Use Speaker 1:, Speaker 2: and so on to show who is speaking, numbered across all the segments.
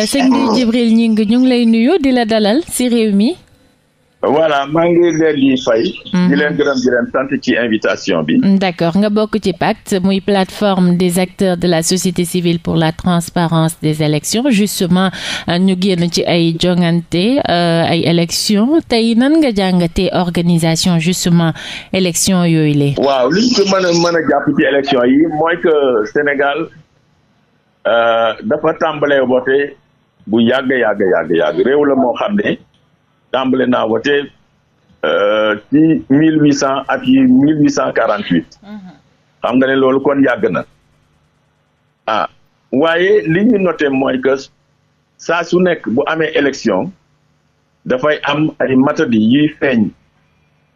Speaker 1: Euh, sëñ bi Djibril ñu ngi lay nuyu di la ci réew mi.
Speaker 2: voilà maa mhm.
Speaker 1: mm, nga bokk ci pacte muy plateforme des acteurs de la société civile pour la transparence des élections justement euh, ñu génn ci ay jongante euh, ay élections tey nan nga jàngatee organisation justement élection yooyu la.
Speaker 2: waaw li ñu ko mën a mën a yi mooy que Sénégal dafa tàmbalee woote bu yàgg yàgg yàgg yàgg réew la moo xam ne tàmbale na wote euh, ci mille huit cent ak yi mille huit cent quarante huit mm-hmm. xam nga ne loolu kon yàgg na ah waaye li ñu noté mooy que saa su nekk bu amee élection dafay am ay di yi feeñ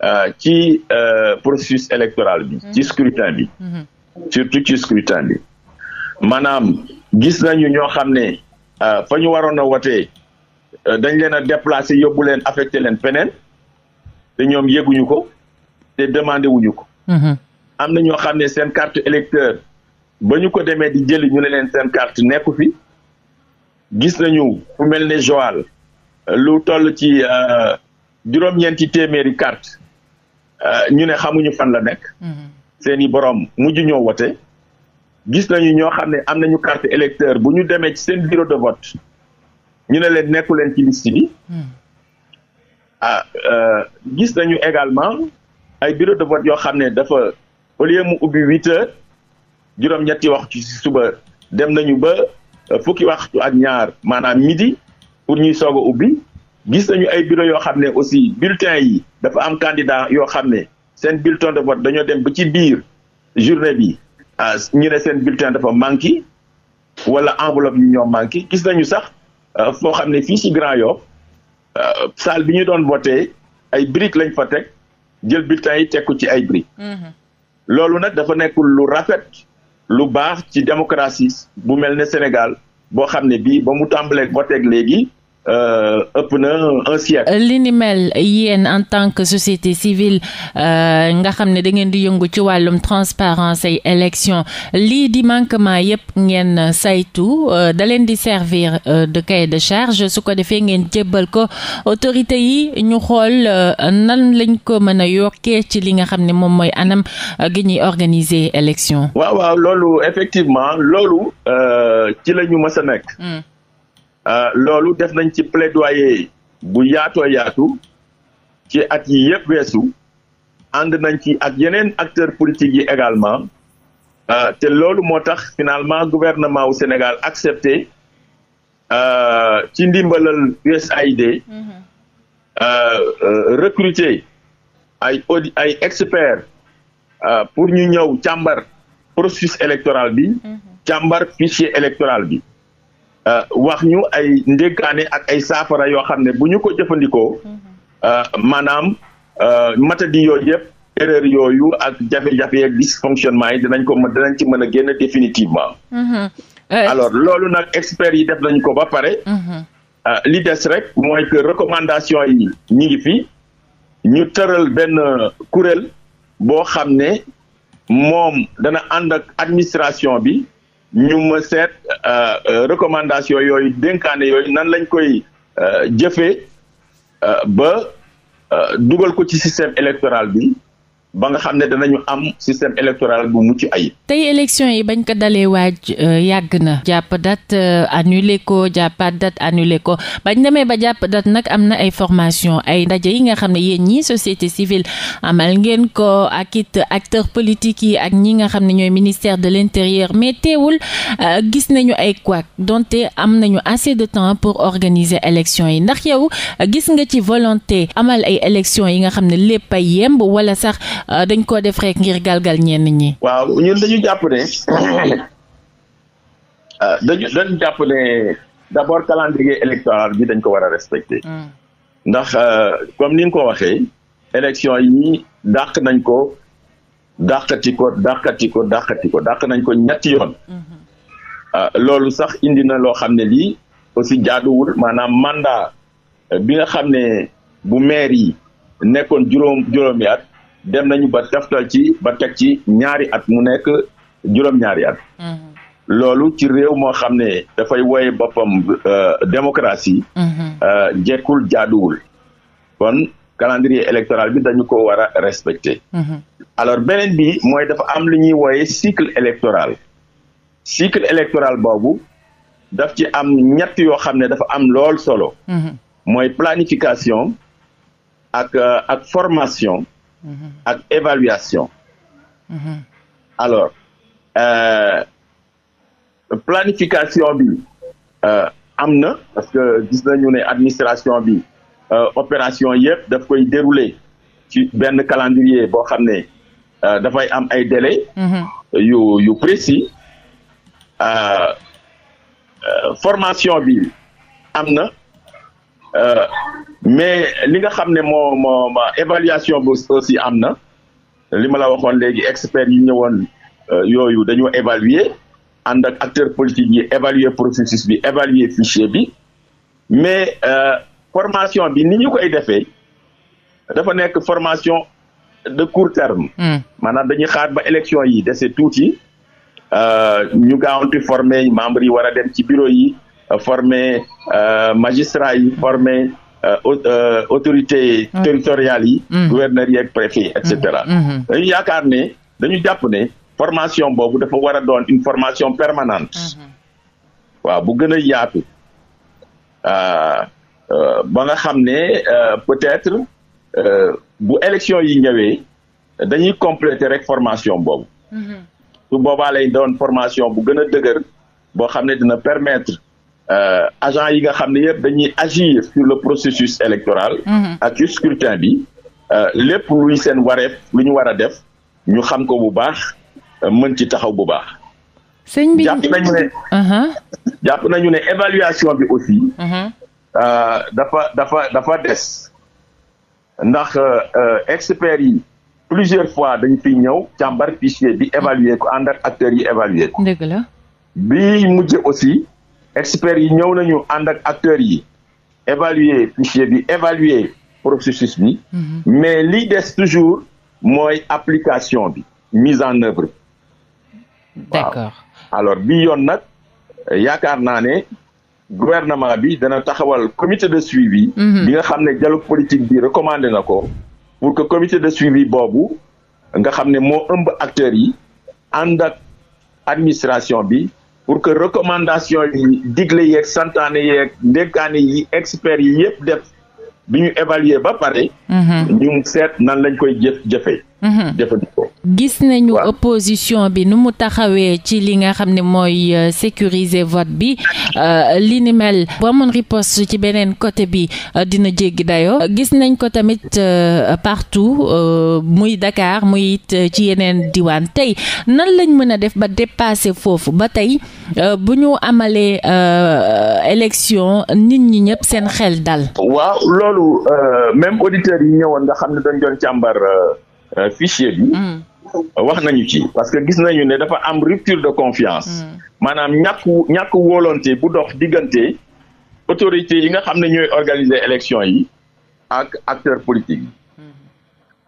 Speaker 2: euh, ci euh, processus électoral bi ci mm-hmm. scrutin bi mm-hmm. surtout ci scrutin bi maanaam gis nañu ñoo xam ne Euh, fa ñu waroon a wotee euh, dañ leen a déplacé yóbbu leen affecté leen feneen te ñoom yëguñu ko te demandé wuñu ko. Mhm. am na ñoo xam ne seen carte électeur ba ñu ko demee di jëli ñu ne leen seen carte nekku fi gis nañu fu mel ne Joal euh, lu toll ci juróom-ñeenti téeméeri carte ñu ne xamuñu fan la nekk. Mhm. seen borom mujj ñoo gis nañu ñoo xam ne am nañu carte électeur bu ñu demee ci seen bureau de vote ñu ne leen nekku leen ci liste bi hmm. ah euh, gis nañu également ay bureau de vote yoo xam ne dafa au lieu mu ubbi huit heures juróom-ñetti wax ci suba dem nañu ba euh, fukki waxtu ak ñaar maanaam midi pour ñuy soog ubbi gis nañu ay bureau yoo xam ne aussi bulletin yi dafa am candidat yoo xam ne seen bulletin de vote dañoo dem ba ci biir journée bi Euh, ñu ne seen bulletin dafa manqué wala enveloppe yi ñoom manqué gis nañu sax euh, foo xam ne fii si Grand Yoff euh, salle bi ñu doon vote ay briques lañ fa teg jël bulletin yi tekku ci ay briques. Mm-hmm. loolu nag dafa nekkul lu rafet lu baax ci démocratie bu mel ne Sénégal boo xam ne bii ba mu tàmbalee voté léegi. Euh, ëpp na un
Speaker 1: li ni mel yéen en tant que société civile euh, nga xam ne da ngeen di yëngu ci wàllum transparence ay élection lii di manquement yépp ngeen saytu euh, da leen di servir de cahier de charge su ko defee ngeen jébbal ko autorité yi ñu xool nan lañ ko mën a yokkee ci li nga xam ni moom mooy anam gi ñuy organiser élection.
Speaker 2: waaw waaw loolu effectivement loolu ci la ñu mës a Euh, loolu def nañ ci plaidoyer bu yaatoo yaatu ci at yi yëpp weesu ànd nañ ci ak yeneen acteur politiques yi également euh, te loolu moo tax finalement gouvernement wu Sénégal accepté euh, ci ndimbalal USAID mm-hmm. recruter ay audi ay experts pour ñu ñëw càmbar processus électoral bi mm-hmm. càmbar fichier électoral bi Euh, wax ñu ay ndénkaane ak ay saafara yoo xam ne bu ñu ko jëfandikoo mhm. euh, maanaam euh, matadi yooyu yëpp erreur yoyu ak jafe-jafe yeeg dysfonctionnement yi dinañ ko dinañ ci mën a génn définitivement. Mhm. alors loolu nag experts yi def nañ ko ba pare. Mhm. li des rek mooy que recommandation yi ñu ngi fi ñu tëral benn kuréel boo xam ne moom dana ànd ak administration bi. ñu ma seet euh, euh, recommandation yooyu dénkaane yooyu nan lañ koy euh, jëfee ba dugal ko ci système électoral bi ba nga xam ne danañu am système électoral bu mucc ayib.
Speaker 1: tey élection yi bañ ko dalee waaj euh, yàgg na. jàpp date euh, annulé ko jàppaat date annulé ko bañ demee ba jàpp date nag am na ay formation ay ndaje yi nga xam ne yéen ñii société civile amal ngeen ko ak it acteurs politiques yi ak ñi nga xam ne ñooy ministère de l'intérieur mais teewul euh, gis nañu ay couac donte am nañu assez de temps pour organiser élection yi ndax yow gis nga ci volonté amal ay élection yi nga xam ne lépp ay wala sax. Euh, dañ koo def rek ngir galgal ñenn ñi.
Speaker 2: waaw ñun dañu jàpp ne euh, dañu dañu jàpp ne d'abord bi dañ ko war a respecter. Hmm. ndax euh, comme ni nga ko waxee. élection yi dàq nañ ko dàqati ko dàqati ko dàqati ko dàq nañ ko ñetti yoon. Hmm. loolu sax indi na loo xam ne lii aussi jaaduwul maanaam mandat bi nga xam ne bu maire yi nekkoon juróom juróomi dem nañu ba taftal ci ba teg ci ñaari at mu nekk juróom-ñaari at. Mm-hmm. loolu ci réew moo xam ne dafay woye boppam euh, démocratie. Mm-hmm. Euh, jekkul jaaduwul. kon calendrier électoral bi dañu ko war a respecter. Mm-hmm. alors beneen bi mooy dafa am lu ñuy woye cycle électoral. cycle électoral boobu daf ci am ñett yoo xam ne dafa am lool solo. mooy planification ak euh, formation. Mm-hmm. ak évaluation mm-hmm. alors euh, planification bi euh, am na parce que gis nañu ne administration bi euh, opération yëpp daf koy dérouler ci benn calendrier boo xam ne euh, dafay am ay délais mm -hmm. yu yu euh, euh, formation bi am na mais li nga xam ne moo moo évaluation bu aussi am na li ma la waxoon léegi experts yi ñëwoon euh, yooyu dañoo évaluer ànd ak acteurs politiques yi évaluer processus bi évaluer fichier bi mais euh, formation bi ni ñu koy defee dafa nekk formation de court terme. Hmm. maanaam dañuy xaar ba élection yi dese tuuti euh, ñu gaawantu former membres yi war a dem ci bureau yi former magistrat yi former. Euh, euh, autorité mm. territoriales yi. Mm. gouverneurs yi ak préfet et cetera. Mm. Mm-hmm. dañu yaakaar ne dañu jàpp ne formation boobu dafa war a doon une formation permanente. Mm-hmm. waaw bu gën a yaatu euh, ba nga xam ne peut-être bu élection yi ñëwee dañuy compléter rek formation boobu. Mm-hmm. su boobaa lay doon formation bu gën a boo xam ne dina permettre. Euh, agent yi nga xam ne yëpp dañuy agir sur le processus électoral mhm. ak ci scrutin bi euh, lépp luy seen wareef lu ñu war a def ñu xam ko bu baax euh, mën ci taxaw bu baax
Speaker 3: sëñ bi jàpp nañu ne
Speaker 2: jàpp nañu ne évaluation bi aussi mhm. dafa dafa dafa des ndax experts yi plusieurs fois dañ fi ñëw càmbar fichier bi évaluer ko ànd acteur acteurs yi évaluer bi mujj aussi experts yi ñëw nañu ànd ak acteurs yi évaluer fichier bi évaluer processus bi mhm. mais li des toujours mooy application bi mise en œuvre d'accord waaw alors bi yoon nag yaakaar naa ne gouvernement bi dana taxawal comité de suivi mhm. bi nga xam ne dialogue politique bi recommandé na ko pour que comité de suivi boobu nga xam ne moo ëmb acteurs yi ànd ak administration bi pour que recommandation yi digle yeeg santaane yeeg ndekkaane yi experts yi yëpp def bi ñu évaluer ba pare. Mhm. ñu seet nan lañ koy jëf jëfee. Mhm. jëfandikoo.
Speaker 1: gis nañu opposition bi nu mu taxawee ci li nga xam ne mooy euh, sécuriser vote bi euh, li ni mel ci beneen côté bi euh, dina jéggi dayoo gis nañ ko tamit partout muy dakaar muy it ci yeneen diwaan tey nan lañ mën a def ba dépasser foofu ba tey bu ñu amalee élection nit ñi ñëpp seen xel dal.
Speaker 2: waaw loolu même auditeurs yi ñëwoon nga xam ne dañ doon càmbar. Euh, fichier yi mm. wax nañu ci parce que gis nañu ne dafa am rupture de confiance. Mm. maanaam ñàkk ñàkk volonté bu dox diggante autorités yi nga xam ne ñooy organiser élection yi ak acteurs politiques mm.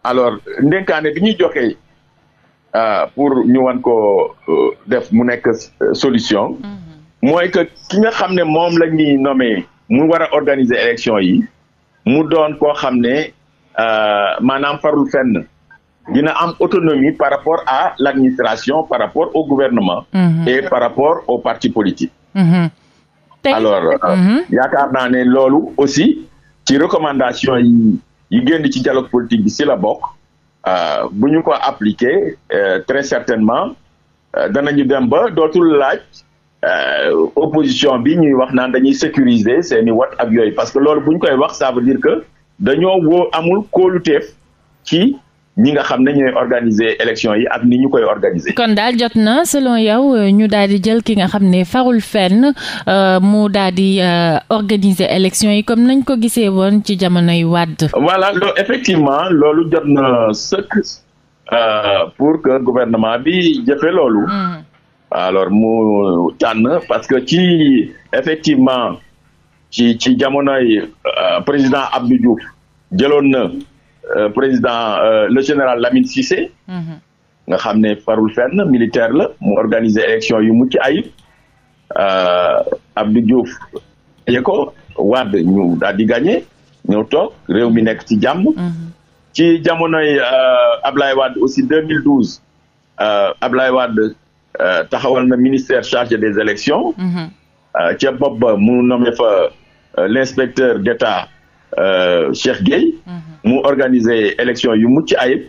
Speaker 2: alors ndénkaane bi ñuy joxe euh, pour ñu wan ko euh, def mu nekk solution. Mm-hmm. mooy que ki nga xam ne moom la ñuy nommé mu war a organiser élection yi mu doon koo xam ne maanaam farul fenn. dina am autonomie par rapport à l'administration par rapport au gouvernement mhm. et par rapport au partis politiques mmh. alors euh, mhm. yaakaar naa ne loolu aussi ci recommandation yi yi génn ci dialogue politique bi si la bokk euh, bu ñu ko appliquer euh, très certainement ñu dem ba dootul laaj opposition bi ñuy wax naan dañuy sécuriser seeni wat ak yooyu parce que loolu bu ñu koy wax ça veut dire que dañoo woo amul kóoluteef ci ñi nga xam ne ñooy organiser élection yi ak ni ñu koy organiser.
Speaker 1: kon daal jot na selon yow ñu daal di jël ki nga xam ne farul fenn euh, mu daal di euh, organiser élection yi comme nañ ko gisee woon ci jamonoy Wade.
Speaker 2: voilà loolu effectivement loolu jot na sëkk euh, pour que gouvernement bi jëfe loolu. Hmm. alors mu tànn parce que ci effectivement ci ci jamonoy président Abdou Diouf jëloon na. Euh, président euh, le général Lamine Cissé. Mhm. nga xam ne farul fen militaire la mu organiser élection yu mucc ayib euh, Abdou Diouf ye ko Wade ñu gagné ñëw toog réew mi nekk ci jàmm. Mhm. ci jamonoy Ablaye Wade aussi 2012 Ablaye Wade taxawal na ministère chargé des élections. Mhm. ca bopp ba mu nommé fa l' inspecteur d' état mu organiser élection yu mucc ay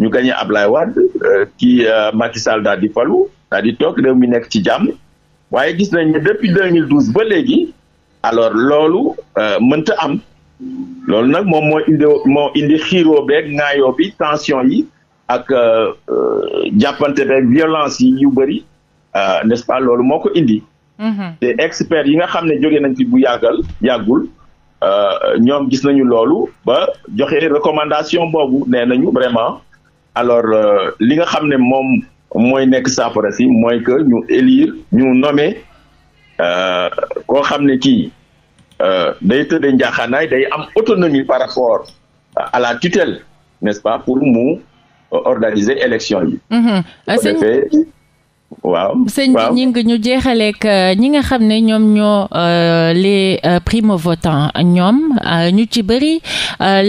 Speaker 2: ñu gagné Ablaye Wade euh, ki euh, Macky Sall daal di falu daal di toog réew mi nekk ci jàmm waaye gis nañ ne depuis 2012 ba léegi alors loolu euh, mënta am loolu nag moom moo indi moo indi xiiroo beeg ŋaayoo bi tension yi ak jàppante beeg violence yi yu bëri n'est-ce pas loolu moo ko indi. Mm-hmm. te experts yi nga xam ne jóge nañ ci bu yàggal yàggul. Euh, ñoom gis nañu loolu ba joxe recommandation boobu nee nañu vraiment alors euh, li nga xam ne moom mooy nekk saafara si mooy que ñu élire ñu nommer euh, koo xam ne kii day tëddee njaaxaanaay day am autonomie par rapport à la tutelle n'est-ce pas pour mu organiser élection yi.
Speaker 1: bu mm-hmm. ko defee
Speaker 2: waaw sëñ bi ñu
Speaker 1: ngi ñu euh, ñi nga xam ne ñoom ñoo euh, les euh, primo votants ñoom ñu ci bëri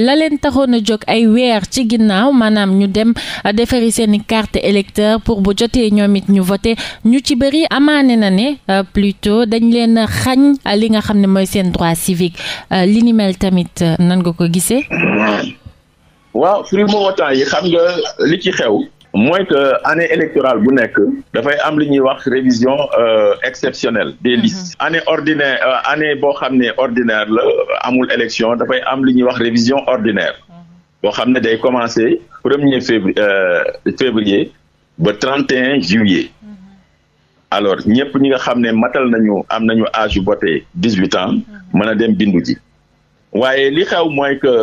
Speaker 1: la leen taxoon a jóg ay weer ci ginnaaw maanaam ñu dem defari seen i carte électeur pour bu jotee ñoom it ñu vote ñu ci bëri amaane na ne plutôt dañ leen xañ li nga xam ne mooy seen droit civique li tamit nan nga ko gisee.
Speaker 2: waaw primo votants yi xam nga li ci xew. mooy que année électorale bu nekk dafay am li ñuy wax révision euh, exceptionnelle des mhm. listes année ordinaire euh, année boo xam ne ordinaire la amul élection dafay am li ñuy wax révision ordinaire mhm. boo xam ne day commencer premier février euh, février ba 31 juillet mhm. alors ñëpp ñu nga xam ne matal nañu am nañu âge yu voté 18 ans mën a dem bindu ji waaye li xew mooy que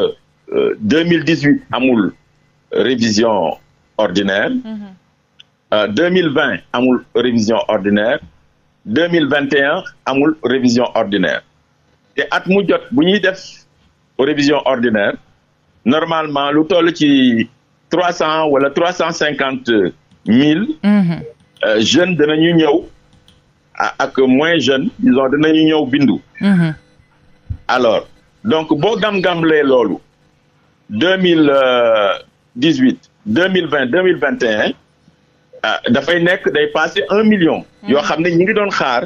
Speaker 2: mille 2018 amul révision ordinaire. Mm-hmm. Euh, deux mille vingt amul révision ordinaire. deux mille vingt et amul révision ordinaire. te at mu jot bu ñuy def révision ordinaire normalement lu toll ci trois cent wala trois cent cinquante mille. Mm-hmm. Euh, jeunes danañu ñëw. ak moins jeunes disons danañu ñëw bindu. Mm-hmm. alors donc boo gam-gamlee loolu deux mille euh, dix huit deux mille vingt deux mille vingt et un ah, dafay nekk day passé un million. yoo xam ne ñi ngi doon xaar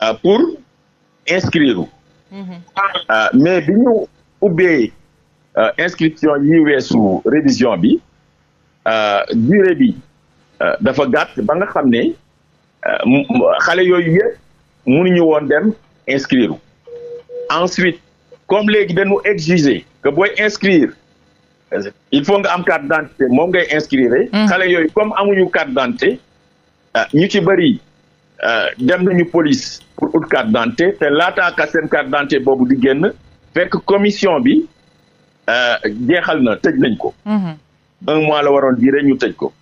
Speaker 2: ah, pour inscrire. Mm-hmm. Ah, mais bi ñu ubbee inscription yi weesu révision bi durée bi dafa gàtt ba nga xam ne xale yooyu yëpp mënuñu woon dem inscrire. ensuite comme léegi dañu exiger que booy inscrir il faut nga am carte d'identité moom ngay inscrire. Mm-hmm. xale yooyu comme amuñu carte d'identité euh, ñu ci bëri euh, dem nañu police pour ut carte d'identité te laataa ka seen carte boobu di génn fekk commission bi euh, jeexal na tëj nañ ko. Mm-hmm. un mois la waroon diire ñu tëj ko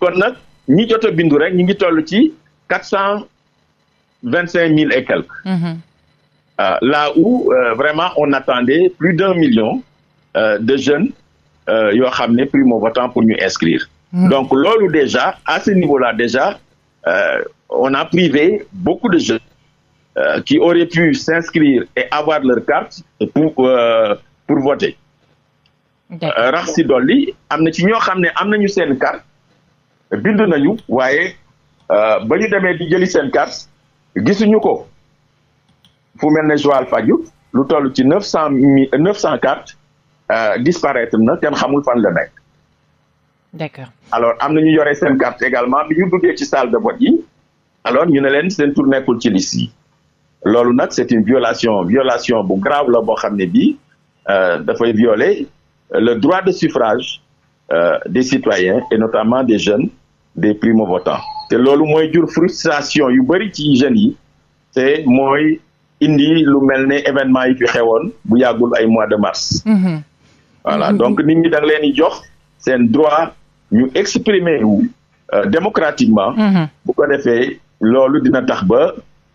Speaker 2: kon nag ñi jot a bindu rek ñu ngi toll ci quatre cent vingt cinq mille et quelques. Mm-hmm. là où vraiment on attendait plus d'un million. Euh, de jeunes euh, yoo xam ne primo votant pour ñu inscrire. Hmm. donc loolu déjà à ce niveau-là déjà euh, on a privé beaucoup de jeunes. Euh, qui auraient pu s'inscrire et avoir leur carte pour pour voter. rax si dolli am na ci ñoo xam ne am nañu seen carte bind nañu waaye ba ñu demee di jëli seen carte gisuñu ko fu mel ne Joal Fadiouth lu toll ci neuf cent mille neuf cent cartes Euh, disparaître na kenn xamul fan la nekk. alors am na ñu yore seen carte également bi ñu duggee ci salle de vote yi alors ñu ne leen seen tur nekkul ci li yi loolu nag c'est une violation bu grave la boo xam ne bii euh, dafay violer euh, le droit de suffrage euh, des citoyens et notamment des jeunes des primo-votants te loolu mooy jur frustration yu bëri ci jeunes yi te mooy indi lu mel ne événement yi fi xewoon bu yàggul ay mois de mars. Mm-hmm. voilà mm-hmm. donc nit ñi da nga jox seen droit ñu exprimer wu euh, démocratiquement. Mm-hmm. bu ko defee loolu dina tax ba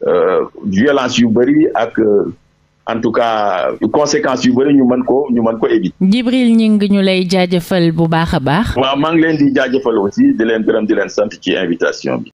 Speaker 2: euh, violence yu bëri ak. Euh, en tout cas conséquences yu bëri ñu mën ko ñu mën ko éviter.
Speaker 1: Djibril Gningue ñu lay jaajëfal bu baax a baax.
Speaker 2: waaw maa ngi leen di jaajëfal aussi di leen gërëm di leen sant ci
Speaker 3: invitation bi.